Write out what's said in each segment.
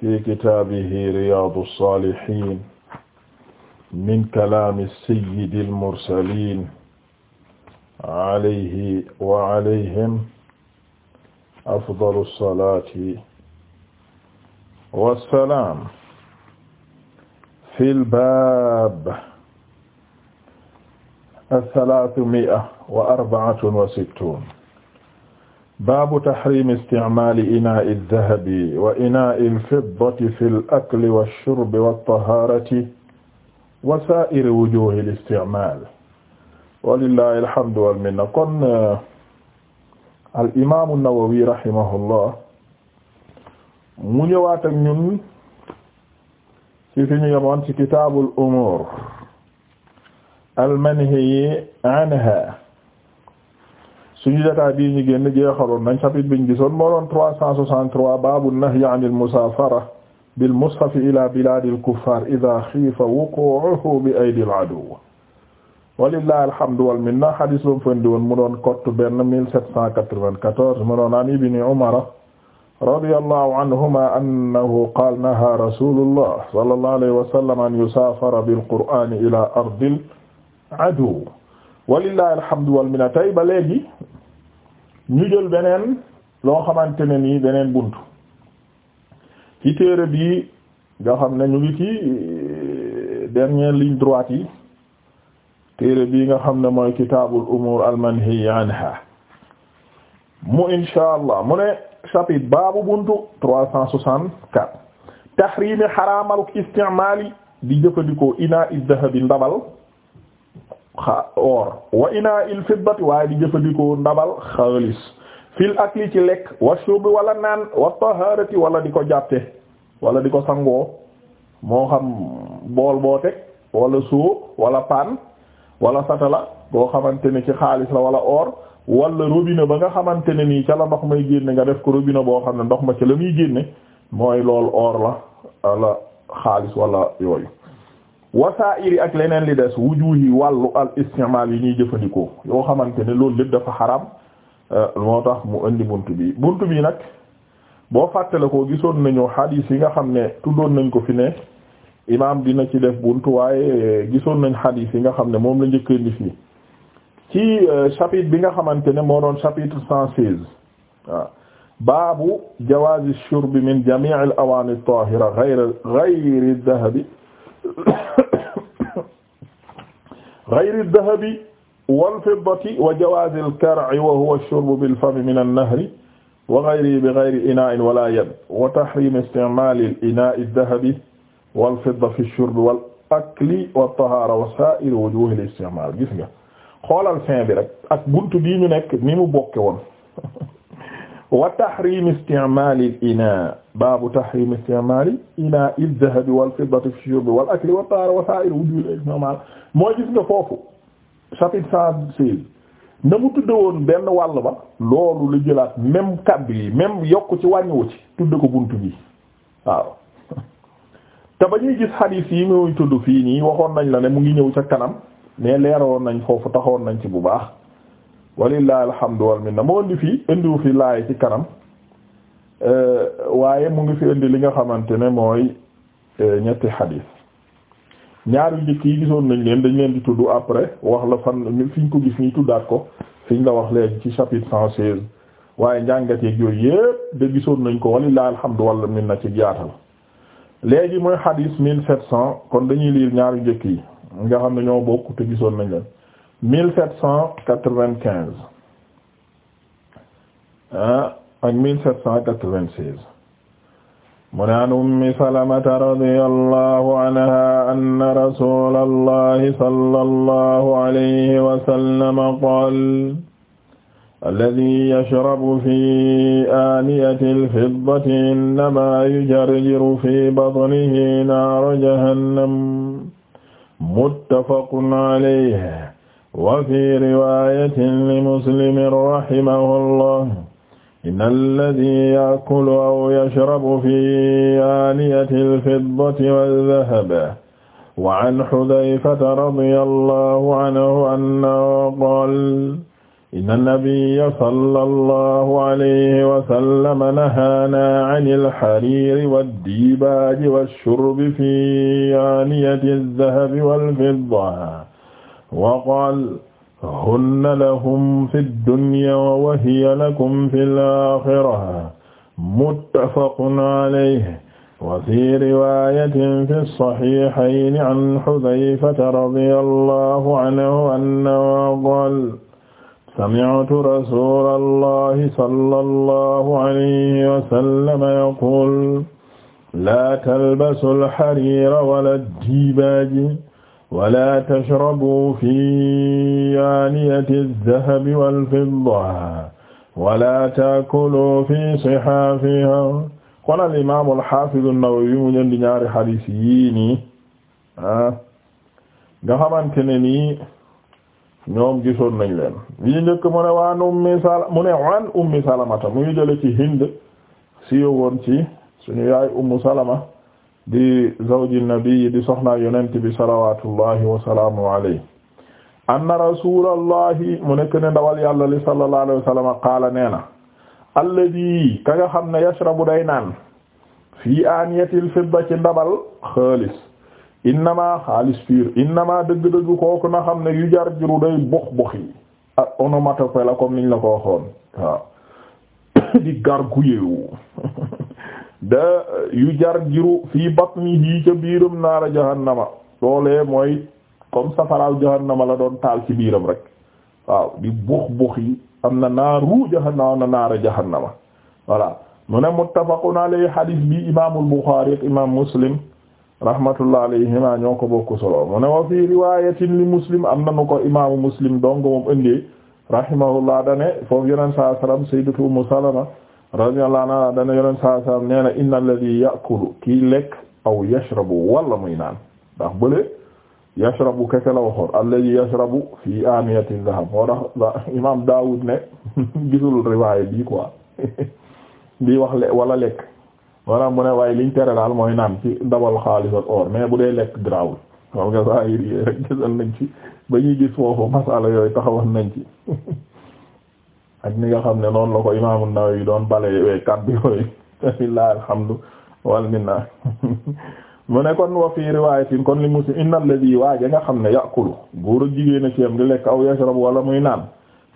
fi kitaabihi riyaadu saalihiin min kalaami sayyidil mursaliin alayhi wa alayhim afdalu salaati wa salaam fil baab asalaatu mi'a wa arba'atun wa sittuun baabu taxrimi isticmaali inaa'i dahabi wa inaa'i lfiddati fi l-akli wash-shurbi wat-tahaarati wa saa'iri wujuuhi l-isticmaal walillaahi alhamdu wal minna kon uh, al imaamu Nawawi rahimahullah mu ñëwaat ak ñun ci fi ñu yemoon ci kitaabul umuur al manhiyyi anhaa suñu jotaay bii ñu génn jeexaloon nañ chapitre biñ gisoon moo doon 363 baabu nahyi anil musaafara bil mushaf ila bilaadil kuffaar idaa xiifa wuquuhu bi aydil aduw walillahi alhamdu wal minna hadis bu mu fëndi woon mu doon kott benn 1794 mu doon an ibni umara radiyallahu anhuma annahu qaala nahaa rasuulullah sallallahu alayhi wa sallam an yusaafara bil qur'aani ila ardil aduw walillahi alhamdu wal minna tey ba léegi ñu jël beneen loo xamante ne nii beneen bunt ci téere bii nga xam ne ñu ngi ci euh, dernière ligne yi téere bii nga xam ne mooy kitaabul umuur al manhi anha mu insha allah mu ne chapitre baabu buntu trois cent soixante-quatre tahriimi xaraamal istimaali di jëfandikoo inaa iddahabi ndabal xa or wa inaa il fiddati waaye di jëfandikoo ndabal xaalis fil akli ci lekk wa shurbi wala naan wa taharati wala di ko jàppe wala di ko sangoo moo xam bool boo teg wala soo wala paan wala satala boo xamante ne ci xaalis la wala or wala robinet ba nga xamante ne nii ca la ndox may génne nga def ko robinet boo xam ne ndox ma ca la muy génne mooy lool or la wala xaalis wala yooyu wasaa'iri ak leneen li des wujuhi wàllu al istimaal yi ñuy jëfandikoo yoo xamante ne loolu lépp dafa xaram euh, moo tax mu indi bunt bi bunt bii nag boo fàttale ko gisoon nañu xadiis yi nga xam ne tuddoon nañ ko fi ne imaam dina ci def bunt waaye euh, gisoon nañ xadiis yi nga xam ne moom la njëkk indi fii ci euh, chapitre bi nga xamante ne moo doon chapitre cent seize baabu jawaazi shurbi min jamii al awaani at-taahira ghayri dhahabi ghayri dhahabi wal fiddati wa jawaazi al-kar'i wa huwa ash-shurbu bil fami min an-nahri wa ghayrihi bi ghayri inaa'in wala yad wa tahriim isti'maali al-inaa'i ad-dhahabi wal fidda fi ash-shurbi wal akli wa tahaara wa saa'iri wujuuhi al-isti'maal gis nga xoolal fin bi rek ak buntu bii ñu nekk ni mu bokke woon wa tahrim isti'mal al-ina babu tahrim isti'mal ina al-dhahab wal-fiddati fi shurb wal-akli wat-tahaara wa sa'ir wujuh al-i'mal mooy gis nga foofu na mu tudde woon benn wàll ba loolu lu jëlaat même kàddu yi même yokk ci wàññiwu ci tudde ko bunt bi waaw te ba ñuy gis hadith yi muy tudd fii nii waxoon nañ la ne mu ngi ñëw ca kanam mais leeroon nañ foofu taxoon nañ ci bu baax walillahi alhamdu wal minna moo indi fii indiwu fi laay ci kanam waaye mu ngi fi indi li nga xamante ne mooy eh, ñetti xadiis ñaari njëkk yi gisoon nañ leen dañ leen di tudd après wax la fan ñu ko gis ñuy tuddaat ko fiñ la wax léegi ci chapitre cent seize waaye njàngat yeeg yooyu yëpp de gisoon nañ ko walillahi alhamdu wal minna ci jaatal léegi mooy xadiis mille sept cent kon dañuy liir ñaari njëkk yi nga xam ne ñoo bokk te gisoon nañ leen mille sept cent quatre-vingt-quinze ah, ak mille sept cent quatre-vingt-seize mu ne an ummi salamata radiyallahu anha anna rasulallahi sallallahu alayhi wa sallam qaala alladhi yashrabu fi aaniyati al-fiddati innamaa yujarjiru fi batnihi naara jahannam muttafaqun alayhi wa fi riwaayatin li muslimin rahimahullah inna alladhi ya'kulu aw yashrabu fi aaniyati al-fiddati waz-zahab wa an Hudhayfata radiyallahu anhu annahu qaala inna nabiyya sallallahu alayhi wa sallam nahaana 'ani al-hariiri wad-diibaaji wash-shurbi fi aaniyati az-zahabi wal-fidda wa qaal hunna lahum fi dunya wa hiya lakum fi al-aaxira muttafaqun alayhi wa fi riwaayatin fi saxiixayni an xudayfata radiyallaahu anhu annahu qaala samictu rasuulallaahi sallallaahu alayhi wa sallam yaquulu laa talbasul xariira wala diibaaji wala tashrabuu fi aaniyati dahabi walfidda wala taakuluu fi sihaafiha kon al imaam alxaafidu Nawawi mu ñëndi ñaari xadiis yii nii ah nga xamante ne nii ñoom gisoon nañ leen yi njëkk mu ne waan ummi sal mu ne waan ummi salamata muy jële ci Hind si yowoon ci suñu yaay ummu salama di zawji nabi di soxna yonent bi salawatullahi wa salaamu alayhi anna rasulallahi mu nekk ne ndawal yàlla li sallallahu qaala nee na alladi ka nga xam ne yashrabu day naan fii aaniyatil fidda ci ndabal xaalis innama xaalis fiir innama dëgg-dëgg kooku na xam ne yu jar jiru day bux buxi ak ah, onomatopée la comme niñ la ko waxoon waaw di gargouiller da yu jar jiru fii batnihi ca biiram naara jahannama loolee mooy comme safaraaw jahannama la doon taal ci biiram rek waaw di bux bux yi am na naaru jahannama am na naara jahannama voilà mu ne muttafaqun alayhi hadith bi imaamul Buxaari ak imaam Muslim rahmatullah alayhima ñoo ko bokk solo mu ne wa fii riwaayatin li Muslim am na nu ko Muslim dong moom indi rahimahullah dane foofu yeneen saa salaam sayyidatu Ummu radiyallahu anhu dana yoneen saa salam nee na inna alladhi ya'kulu kii lekk aw yashrabu wala muy naan ndax bële yashrabu kese la waxoon alladhi yashrabu fii aniyati dhahab moo tax imam Daawud ne gisul riwaaya bii quoi bii wax le wala lekk wala mu ne waaye liñ tere daal mooy naan ci ndabal xaalis ak or mais bu dee lekk grawul xam nga saa yi rek gisal nañ ci ba ñuy gis foofu masala yooyu taxawoon nañ ci ak ni nga xam ne noonu la ko imaam an-Nawawi doon bale kaddu yooyu lillahi alhamdu wal minna mu ne kon wa fii riwaayatin kon li muslim inna alladhi waaja nga xam ne yàqulu góor ak jigéen a ci am di lekk aw yashrab wala muy naan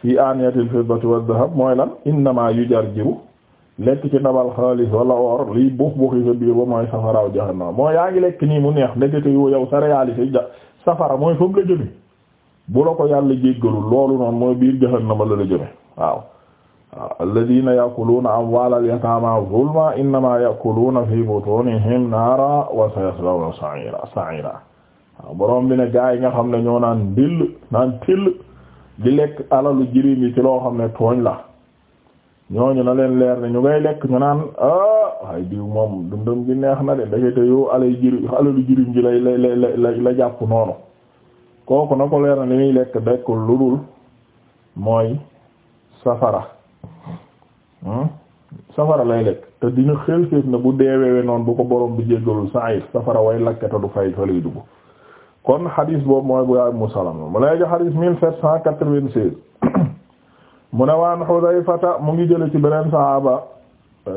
fii aaniyatil fiddati wa dhahab mooy lan innama yujarjiru lekk ci ndabal xaalis wala or liy buux buuxi sa biir ba mooy safaraaw jahannam moo yaa ngi lekk nii mu neex ndekete yu yow sa réalité ja safara mooy bu la ko yàlla loolu mooy biir jahannama la la jëme waaw waaw alladina yaakuluna amwaal al yataama zulma innama yaakuluna fi butunihim naara wa sayaslawna sa'ira sa'ira waaw borom bi ne gaa yi nga xam ne ñoo naan ndill naan till di lekk alalu jirim yi ci loo xam ne tooñ la ñooñu na leen leer ne ñu ngay lekk ñu naan ah ay diw moom dundum gi neex na de ndekete yow alay jiri alalu jirim ji lay la jàpp noonu kooku na ko leer na li muy lekk dekkul lu dul mooy safara hmm? safara lay lekk te dina xel séef na bu deewewe noonu bu ko borom bi jéggalul sa'ir safara way lakkata du fay fa lay kon xadis boobu mooy bu yaay mu léegi mu ne waan Xudayfata mu ngi jële ci beneen sahaaba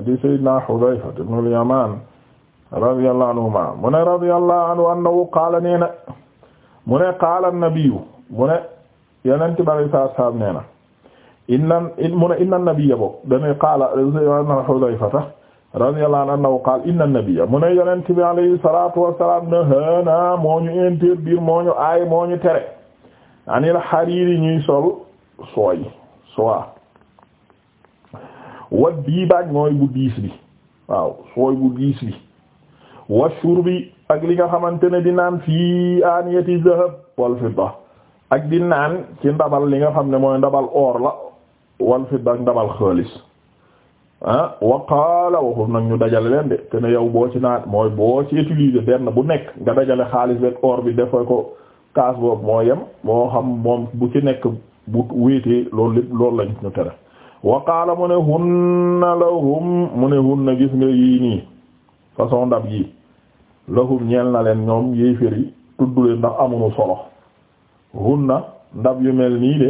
di sayyidina Xudayfa ibn al-Yaman mu ne radiyallahu anhu annahu qaala nee na mu ne qaala an inna mu ne inna nabiyya bokk dana qaala Hudayfa radiyallahu anhu qaala inna nabiyya mu ne yonent bi alayhi salaatu wa salaam nahaana moo ñu interdire moo ñu aay moo ñu tere anil hariiri ñuy sol sooy soie wa diibaaj mooy bu diis bi waaw sooy bu diis bi wa shurbi ak li nga xamante ne di naan fii aaniyati zahab wal fidda ak di naan ci ndabal li nga xam ne mooy ndabal or la wal fi ak ndabal xaalis ah waqaala waxul nag ñu dajale leen de te ne yow boo ci naat mooy boo ci utiliser benn bu nekk nga dajale xaalis beeg or bi defee ko kaas boobu moo yem moo xam moom bu ci nekk bu wéetee loolu lépp loolu lañ ñu tere waqaala mu ne hunna lahum mu ne hunna gis nga yii nii façon ndab yi lahum ñeel na leen ñoom yéefér yi tudd leen ndax amuñu solo hunna ndab yu mel nii de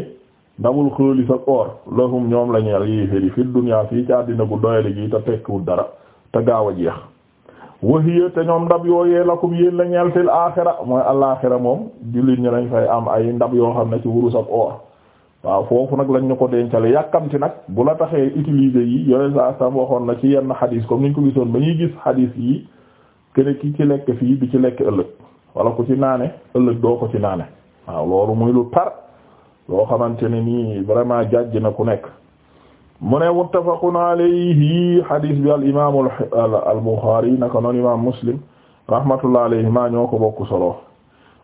ndamul xaalis ak or lahum ñoom la ñeel yéeféri fi dunya fii ci àddina gu doyale gi te tekkiwul dara te gaaw a jeex wahiya te ñoom ndab yooyee lakum yéen la ñeel fil aaxira mooy alaaxira moom jullit ñi lañ fay am ay ndab yoo xam ne ci wurus ak or waaw foofu nag lañ ñu ko dencale yàkkamti nag bu la taxee utiliser yi yooyu saa sam waxoon na ci yenn xadiis comme niñ ko gisoon ba ñuy gis xadiis yi kene ki ci lekk fii bi ci lekk ëllëg wala ku ci naane ëllëg ko ci loo xamante ne nii vraiment jàjj na ku nekk mu ne muttafaqun alayhi hadis bi al imam al Bukhari naka noon imam Muslim rahmatullah alayhima ñoo ko bokk solo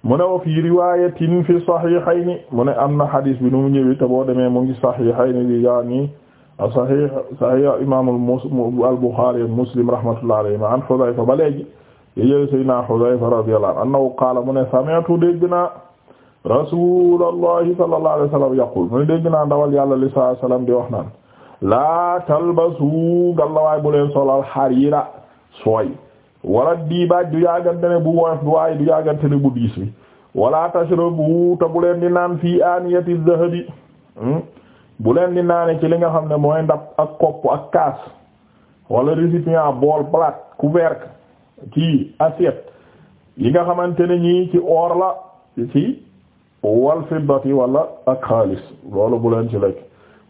mu ne wa fi riwayatin fi sahihayni mu ne am na hadis bi nu mu ñëwi te boo demee mu ngi sahihayni di yaani sahih sahih imam al Bukhari Muslim rahmatullah alayhima an Hudhayfa ba léegi yéjël Sayyidina Hudhayfa radiyallahu anhu qaala mu ne sami'tu rasulullahi sallallahu alayhi wa muy dégg naa ndawal yàlla li sallallahu alayhi di wax naan laa talbasu gallawaay bu leen solal harira sooy wala diibaaj du yaagante ne bu woyof bi waaye du yaagante ne bu diis bi wala tashrabu te bu leen di naan fii aniyati zahabi hmm? bu leen di naane ci li nga xam ne mooy ndab ak kopp ak kaas wala récipient bool plate couvercle ci assiette yi nga xamante ne ñii ci or la ci wal fiddati wala ak xaalis loolu bu leen ci lekk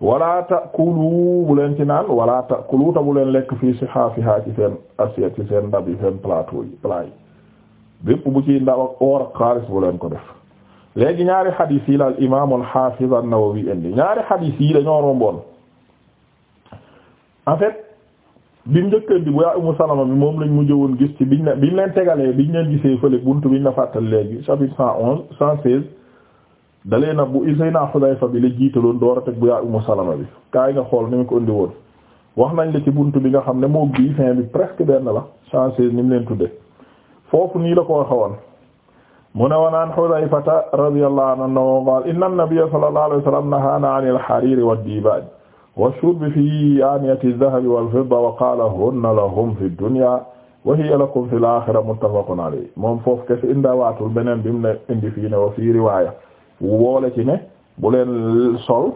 wala takulu bu ci naan wala takulu ta bu leen lekk fii si xaafihaa ci seen assiette ci seen ndab yi seen plateau yi plat yi bépp bu ci ndaw ak ko def léegi ñaari xadiis yi la al imaam al xaafiz an indi ñaari xadiis yi dañoo romboon en bi njëkk indi bu yaa Umu Salama moom lañ mujj woon gis ci biñ la biñ leen tegalee leen gisee fële buntu biñ la fàttal léegi chapitre onze cent seize dalee na bu Seydina Xudayfa bi la jiitaloon door a teg bu yaa Umu Salama bi kaay nga xool ni mu ko indi woon wax nañ la ci buntu bi nga xam ne moo bii bi presque benn la changé ni mu leen tudde foofu nii la ko waxoon mu ne woon an Xudayfata radiyallahu anhu qaal inna an-nabiyya sallallahu alayhi wa sallam nahaana an al-hariir wad-diibaaj wash-shurbi fii aaniyati adh-dhahabi fi ad al-aaxira muttafaqun alayhi moom foofu kese indawaatul beneen bi mu ne indi fii woole ci ne bu leen sol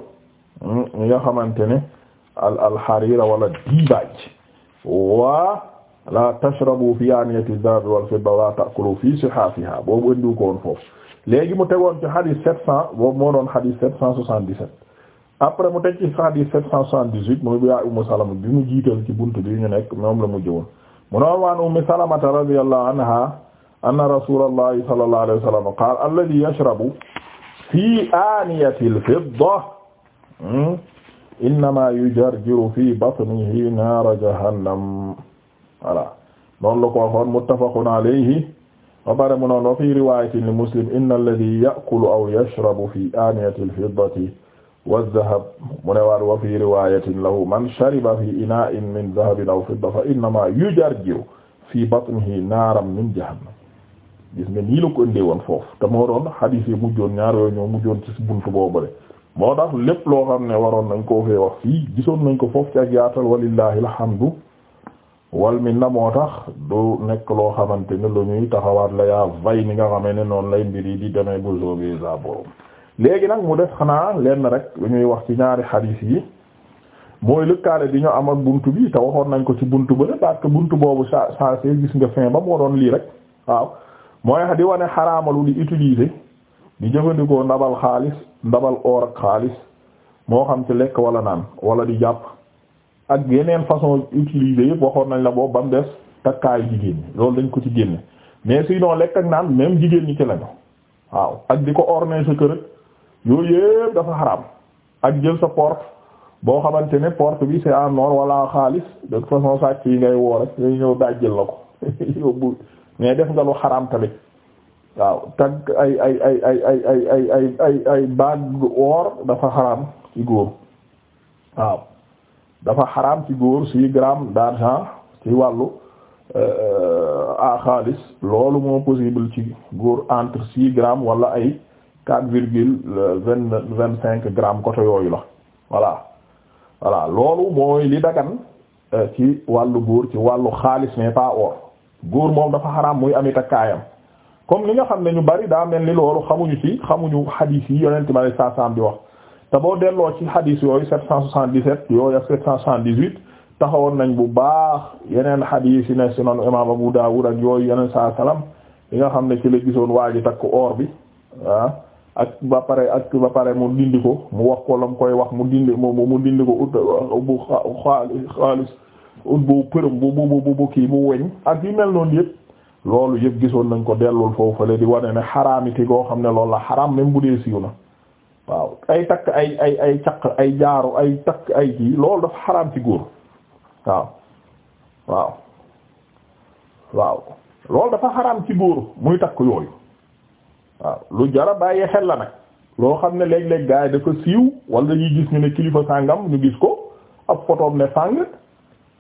mm, ñi nga xamante ne al alxarira wala diibaaj waa la tashrabu fi aniyati dhahab wal fidda wala ta'kulu fi sihafiha boobu indi ko woon foofu léegi mu tegoon ci hadith sept cent boobu moo doon hadith sept cent soixante-dix-sept après mu teg ci hadith cent soixante-dix-huit mooy bi yaa Ummu Salama bi mu jiital ci buntu bi ñu nekk moom la mu jëwoon mu ne waan Ummu Salamata radiyallahu anha anna rasulallahi sallallahu alayhi wa sallam fi aaniyatil fidda hmm, innama yujarjiru fi batnihi naara jahannam voilà noonu la ko waxoon muttafaqun alayhi ba pare mu noon wa fi riwaayatin li muslim inna alladhi ya'kulu aw yashrabu fi aaniyatil fiddati wadh-dhahab mu ne waat wa fi riwaayatin lahu man shariba fi inaa'in min dhahabin aw fidda fa innama yujarjiru fi batnihi naaran min jahannam gis nga nii la ko ëndee woon foofu te moo doon xadiis yi mujjoon ñaar yooyu ñoo mujjoon ci buntu boobale moo tax lépp loo xam ne waroon nañ koo fee wax fii gisoon nañ ko foofu ci ak yaatal walillahi alhamdu wal na moo tax du nekk loo xamante ne lu ñuy taxawaat la yaa vay ni nga xamee ne noonu lay mbir yi di demee bu soobee sa borom léegi nag mu def xanaa lenn rek lu ñuy wax ci ñaari xadiis yi mooy lëkkaale di ñu am ak bunt bi te waxoon nañ ko ci buntu ba parce boobu sa saa see nga fin ba moo lii rek mooy di wane xaraamalu di utiliser di jëfandikoo ndabal xaalis ndabal or ak xaalis moo xam ci lekk wala naan wala di jàpp ak yeneen façon utiliser yëpp waxoon nañ la boobu ba mu des takkaayu jigéen ñi loolu dañ ko ci génne mais sinon lekk ak naan même jigéen ñi ci lañu waaw ak di ko orner sa kër yooyu yëpp dafa xaraam ak jël sa porte boo xamante ne porte bi c'est en or wala xaalis de toute façon sàcc yi ngay woo rek dañu ñëw daaj jël la ko yóbbu. mais def nga lu xaraam waaw tagg ay ay ay ay ay ay or dafa xaraam ci góor waaw dafa xaraam ci góor six grammes d'argent ci wàllu a euh, xaalis loolu moo possible ci góor entre six grammes wala ay quatre virgule euh, vingt vingt cinq grammes côté yooyu la voilà voilà loolu mooy li dagan euh, ci wàllu góor ci wàllu xaalis mais pas or góor moom dafa xaraam muy ami takkaayam comme li nga xam ne ñu bari daa mel ni loolu xamuñu ci xamuñu xadiis yi yonent ma lay saa saam bi wax te boo delloo ci xadiis yooyu 777 yooyu ak 778 taxawoon nañ bu baax yeneen xadiis yi ne ba imaam daa Dawud ak yooyu yeneen saa salaam yi nga xam ne ci la gisoon waa ji takk or bi ah ak ba pare ak ba pare mu dindi ko mu wax ko la mu koy wax mu dindi mu mu dindi ko ut bu xaalis. ut bu përëm bu bu bu bu kii bu weñ ak yu mel noonu yëpp loolu yëpp gisoon nañ ko dellul foofale di wane ne xaraamiti goo xam ne lool la xaraam même bu dee siiw na waaw ay takk ay ay caq ay jaaru ay takk ay kii loolu dafa xaraam ci góor waaw waaw waaw loolu dafa xaraam ci góor muy takk yooyu waaw lu jara bàyyi xel la nag loo xam ne léeg-léeg gars yi dafa siiw wala dañuy gis ñu ne kilifa sàngam ñu gis ko ab photoom ne sàng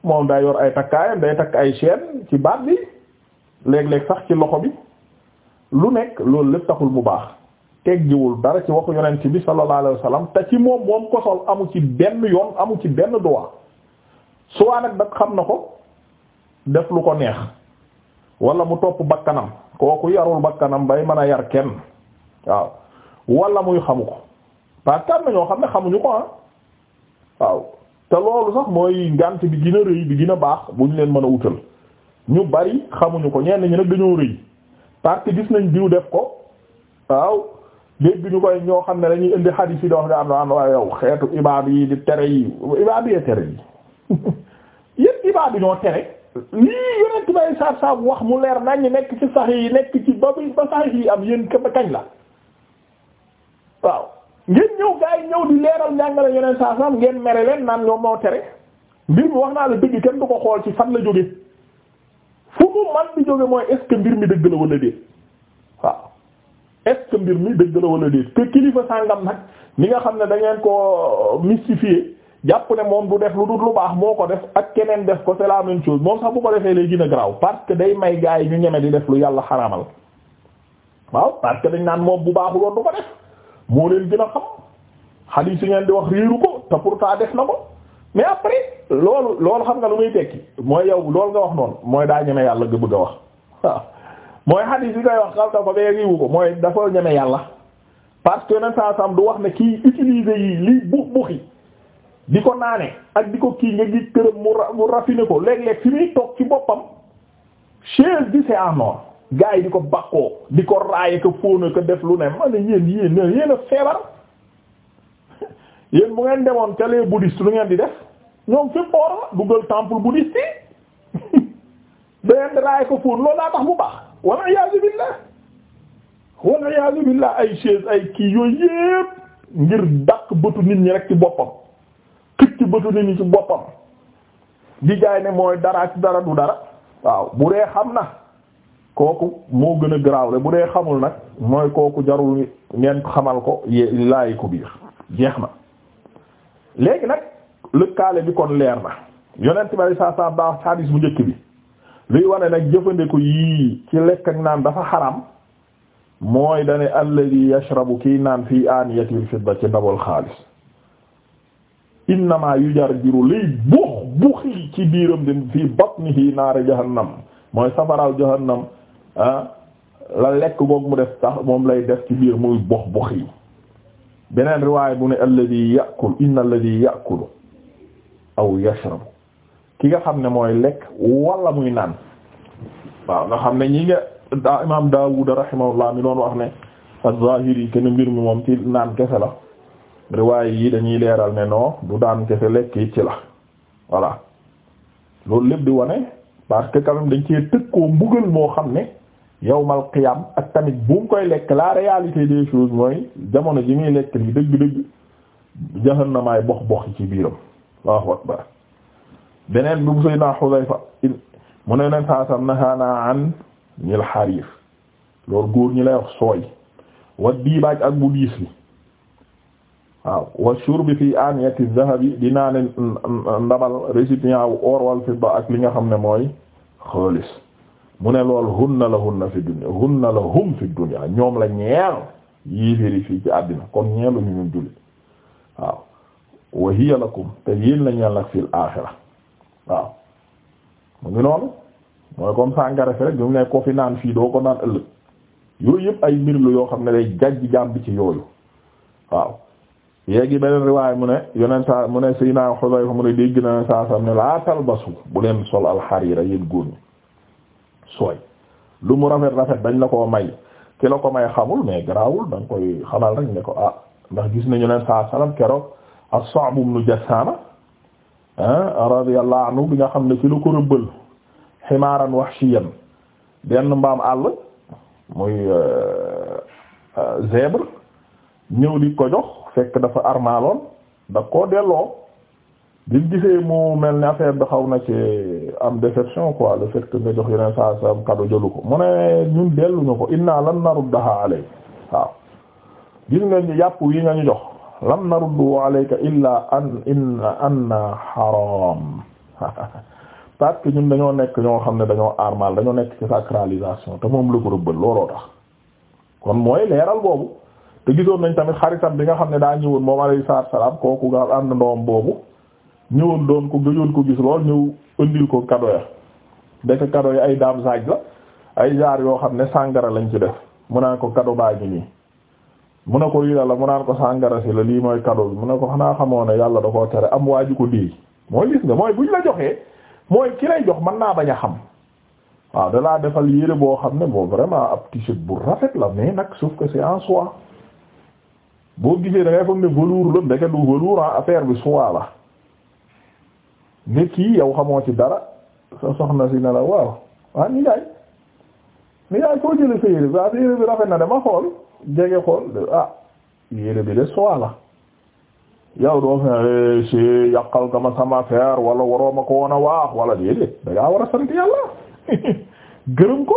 moom day yor ay takkaayam day takk ay chaîne ci baat bi léeg-léeg sax ci loxo bi lu nekk loolu lépp taxul mu baax teggiwul dara ci waxu ci bi sallallahu alayhi te ci moom moom ko sol amu ci benn yoon amu ci benn droit soit nag da xam na ko def lu ko neex walla mu topp bakkanam kooku yarul bakkanam bay mën a yar kenn waaw wala muy xamu ko parce na ñoo xam ne xamuñu ko ah waaw te loolu sax mooy ngànt bi gën a rëy bi gën a baax bu ñu leen mën a wutal ñu bari xamuñu ko ñeen ñi nag dañoo rëy parce gis nañ diw def ko waaw léegi ñu koy ñoo xam ne dañuy indi xadiis yi di wax am na am na yow xeetu ibaab yi di tere yi ibaab yee tere yi yépp ibaab yi noo tere lii yonent bay saab saab wax mu leer nañ nekk ci sax yi nekk ci ba ba sax yi am yéen ka kañ la waaw ngeen ñëw gaa yi ñëw di leeral njàngale yeneen saa saam ngeen mere leen naan ñoom moo tere mbir mi wax naa la dëgg kenn du ko xool ci fan la jóge fu mu man di jóge mooy est ce que mbir mi dëgg la wala déet waaw est ce que mbir mi dëgg la wala déet te kilifa sàngam nag mi nga xam ne da ngeen ko mystifier jàpp ne moom du def lu dul lu baax moo ko def ak keneen def ko c'est la même moom sax bu ko defee lay gën a parce que day may gaa yi ñu ñeme di def lu yàlla xaraamal waaw naan moom bu baaxul woon du moo leen gën a xam xadiis yi ngeen di wax réeru ko te pourtant def na ko mais après loolu loolu xam nga lu muy tekki mooy yow loolu nga wax noonu mooy daa ñeme yàlla nga bëgg a wax waaw mooy xadiis yi ngay wax xam dafa bee riiwu ko mooy dafa ñeme yàlla parce que yeneen saa sam du wax na kii utiliser yi lii bux buxi di ko naane ak di ko kii nga gis këram mu mu ko léeg-léeg fi muy toog ci boppam chaise bi c'est en or gars yi di ko bakkoo di ko raaye ko fóona ko def lu ne ma yeen yéen yéen yéen a feebar yéen bu ngeen demoon ca les bouddhistes lu ngeen di def ñoom fépp or la duggal temple bouddhiste yi da ngeen di raaye ko fóon loolu laa tax bu baax walla iyaazu billaah walla iyaazu billaah ay chaise ay kii yooyu yépp ngir dàq bëtu nit ñi rek ci boppam xëcc bëtu nit ñi ci boppam di jaay ne mooy dara ak dara du dara waaw bu ree xam na kooku moo gën a garaawle bu dee xamul nag mooy kooku jarul ngeen xamal ko laayi ko biir jeex na léegi nag lëkkaale bi kon leer na yonent bari saa saa baax xadiis bu njëkk bi luy wane nag jëfandiku yii ci lekk ak naan dafa xaram mooy dane alladi yashrabu kiy naan fii aniyatil fidda ci ndabal xaalis innama yujarjiru liy buux buuxi ci biiram di fii batnihi naari jahannam mooy safaral jahannam Ah, la lekk googu mu def tax moom lay def ci biir muy box box yi beneen riwaay bu ne alladi yàqul inna alladi yàqulu aw yashrabu ki nga xam ne mooy lekk wala muy naan waaw nga xam ne ñi nga daa imaam Daawud rahimahullah mi doon wax ne az-Zahiri kenn mbir mi moom ci naan kese la riwaay yi dañuy leeral ne non du daan kese lekk yi ci la voilà loolu lépp di wane parce que quand dañ cee tëg koo mbugal moo xam ne yow qiyam ak tamit bu koy lekk la réalité des choses mooy jamono ji muy lekk ni dëgg-dëgg jahannamaay box box ci biiram Allahu akbar beneen bi bu sëy naa Xudayfa mu ne leen saasam nahaana an ñil xariir loolu góor ñi lay wax sooy wa diibaaj ak bu diis bi waaw wa shurbi fi aniyati dhahabi dinaa ne ndabal récipient ak li nga xam ne mooy xaalis mu ne lool hunna la hunna fi dunya hunna la fi dunya ñoom la ñeel yéeféeri fii ci àddina kon ñeelu ñu ñun jullit waaw wa hiya lakum te yéen la ñeel nag fil aaxira waaw mu ngi noonu mooy comme sàngara fi rek ñu ne ko fi naan fii doo ko naan ëllëg yooyu yëpp ay mbir lu yoo xam ne day jàjj jaam bi ci yooyu waaw yéegi beneen riwaay mu ne yonent saa mu ne Seydina Xudayfa mu ne dégg na saa sam ne laa talbasu bu leen sol alxariira yéen góor ñi sooy lu mu rafet rafet dañ la ko may ki la ko may xamul mais garaawul da nga koy xamal rek ne ko ah ndax gis nañu leen sa salaam keroog as-Sa'b ibn Jassaama ah, radiyallahu anhu bi nga xam ne ci la ko rëbbal ximaaran wahshiyan benn mbaam àll muy euh, euh, zèbre ñëw di ko jox fekk dafa armaaloon da koo delloo. bi mu gisee mu mel ni affaire bi xaw na ci am déception quoi le fait que nga jox yeneen saa saa am kado jëlu ko mu ne ñun delluñu ko inna lan naruddaha alay waaw gis nga yàpp yi nga ñu jox lan naruddu alayka illa an inna anna haram parce que ñun dañoo nekk ñoo xam ne dañoo armal dañoo nekk ci sacralisation te moom la ko rëbbal looloo tax kon mooy leeral boobu te gisoon nañ tamit xaritam bi nga xam ne daa ñëwoon moom alayhi salaam kooku nga am na ndoom boobu ñëwoon doon ko gëjoon ko gis lool ñëw ëndil ko kado ya def kado ya ay daam saaj la ay jaar yoo xam ne sàngara lañ ci def mu naa ko kado baa ngi nii mu ne ko lii la mu naan ko sàngara si la lii mooy kado bi mu ne ko xanaa xamoo yàlla da koo tere am waa ko déey mooy gis nga mooy buñ la joxee mooy ki lay jox man naa bañ a xam waaw dalaa defal yére boo xam ne boo vraiment ab t-shirt bu rafet la mais nag sauf que c'est en soie boo gisee da ngay foog ne affaire bi soie la ne kii yow xamoo ci dara sa soxna si ne la waaw ah ni yaay ni yaay koo jële sa yére bi ah sa yére bi rafet na dama xool jege xool ah yére bi de soie la yow doo fee eh, si yàqal nga ma sama affaire wala waroo ma ko woon a waax wala déedéet da ngaa war a sant yàlla gërëm ko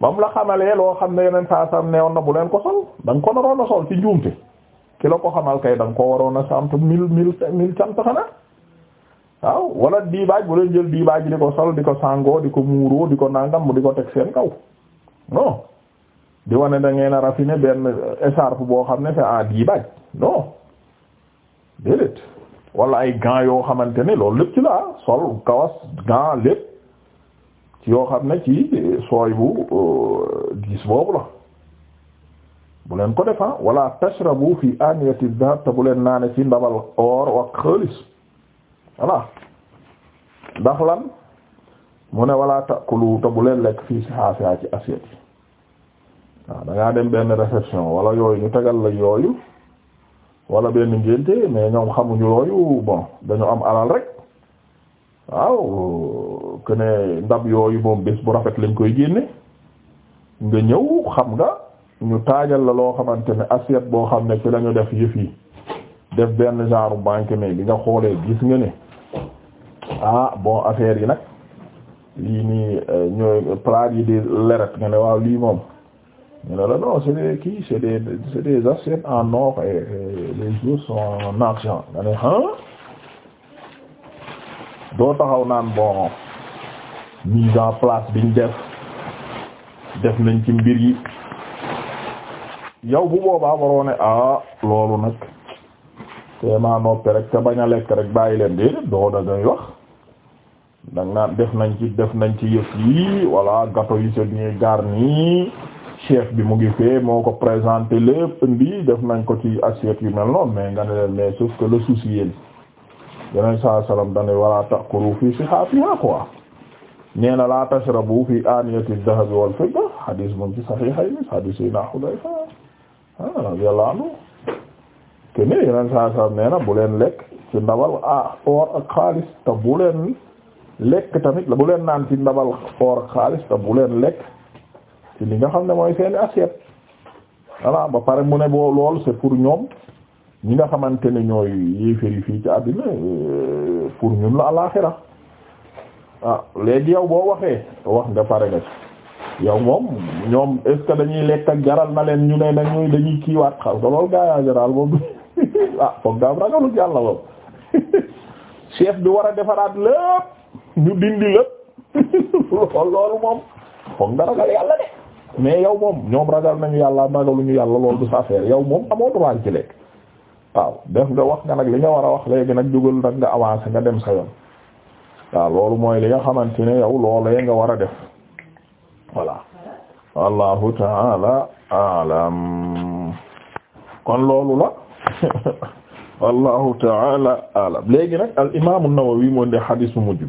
ba la xamalee loo xam ne yeneen saa sam neewoon na bu leen ko sol da nga ko naroon a sol ci njuumte ki la ko xamal kay da nga koo a sant mil mil mil cant xanaa waaw wala diibaaj bu leen jël diibaaj di ko sol di ko sangoo di ko muuroo di ko nangam mu di ko teg seen kaw non di wane da ngeen a raffiné benn écharpe boo xam ne c'est en diibaaj non déedéet wala ay gants yoo xamante ne loolu lép ci la sol kawas gants lépp ci yoo xam ne ci sooy bu euh, diis boobu la bu leen ko defan ah. wala tashrabu fi aniyati dhahab bu leen naane ci ndabal or ak xaalis voilà ndax lan mu ne wala takulu te bu leen lekk fii si xaafiyaa ci assiette yi waaw da dem benn réception wala yooyu ñu tegal la yooyu wala benn ngénte mais ñoom xamuñu yooyu bon dañu am alal rek waaw que ne ndab yooyu moom bés bu rafet lañ koy génne nga ñëw xam nga ñu taajal la loo xamante ne assiette boo xam ne ci lañu def yëf def benn genre banque mais bi nga xoolee gis nga ne ah bon affaire yi nag lii nii euh, ñooy plate yi di leret nga waaw lii moom ñu ne la non c'est des kii c'est des c'est des en or et jours sont argent nga ne ah doo taxaw naan bon mise en place biñ def def nañ ci mbir yi yow bu boobaa waroo ah loolu nag te maa noppe rek te bañ lekk rek bàyyi leen déedéet doo da wax. da naan def nañ ci def nañ ci yëf yi voilà gâteau yi se ñuy gar chef bi mu ngi fee moo ko présenté lépp ndi def nañ ko ci assiette yu mel noonu mais nga ne leen mais sauf que le souci yéen yeneen saa salaam dañuy war a taquru fii sihaafiha quoi nee na la tashrabu fi aniyati dhahab wal fidda hadis moom ci sahihayn hadis yi na Hudayfa ah radiyallahu anhu te ne yeneen saa salaam bu leen lekk ci ndawal ah or ak xaalis te bu leen. lekk tamit bu leen naan ci ndabal foor xaalis te bu leen lekk ci li nga xam ne mooy seeni assiette voilà ba pare mu ne boo lool c'est pour ñoom ñi nga xamante ne ñooy yéeféri fii ci àddina euh, pour ñun la alaaxira ah léegi yow boo waxee wax nga pare nga ci yow moom ñoom est ce que dañuy lekk ak jaral na leen ñu ne dañuy dañuy kiiwaat xaw nga loolu gaa yaa jaral boobu ah foog nga ragalu jàll moom chef bi war a defaraat lépp. ñu dindi la loolu moom foog nga ragal yàlla de mais yow moom ñoom ragal nañu yàlla ñu yàlla loolu du sa affaire yow moom amoo droit ci lekk waaw def nga wax nga li nga war a wax léegi nag jógal nag nga avancé nga dem sa yoon waaw loolu mooy li nga xamante ne yow loolee nga war a def voilà wallahu taala alam kon loolu la wallahu taala alam léegi nag al imam an-Nawawi moo de xadis bu mujj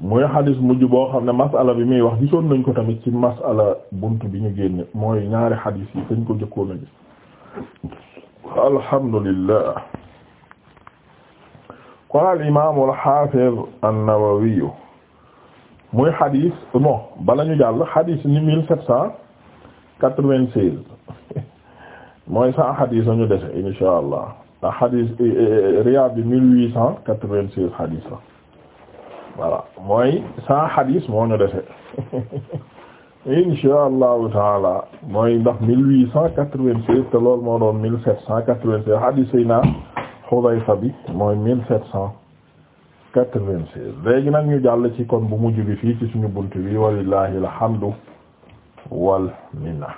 muy xadis mujj boo xam ne masala bi muy wax gisoon nañ ko tamit ci masala bunt bi ñu génne mooy ñaari xadis yi dañ ko jëkkoon a gis alhamdulillah qaala al imaam al xaafiz muy xadis bon bala ñu jàll xadis ni mille sept cent quatre-vingt-seize mooy cent xadis a ñu dese inshaa Allah ndax xadis eh, eh, eh, Riyaad bi huit cent quatre-vingt-seize xadis la voilà mooy sans hadis moo ñu defe insha allahu taala mooy ndax mille huit cent te loolu moo doon mille sept cent quatre-vingt-seize hadis yi naa Xudayfa bi mooy mille sept cent quatre-vingt-seize léegi nag ñu jàll ci kon bu mujj bi fii ci suñu bunt bi walillahi alhamdu wal minna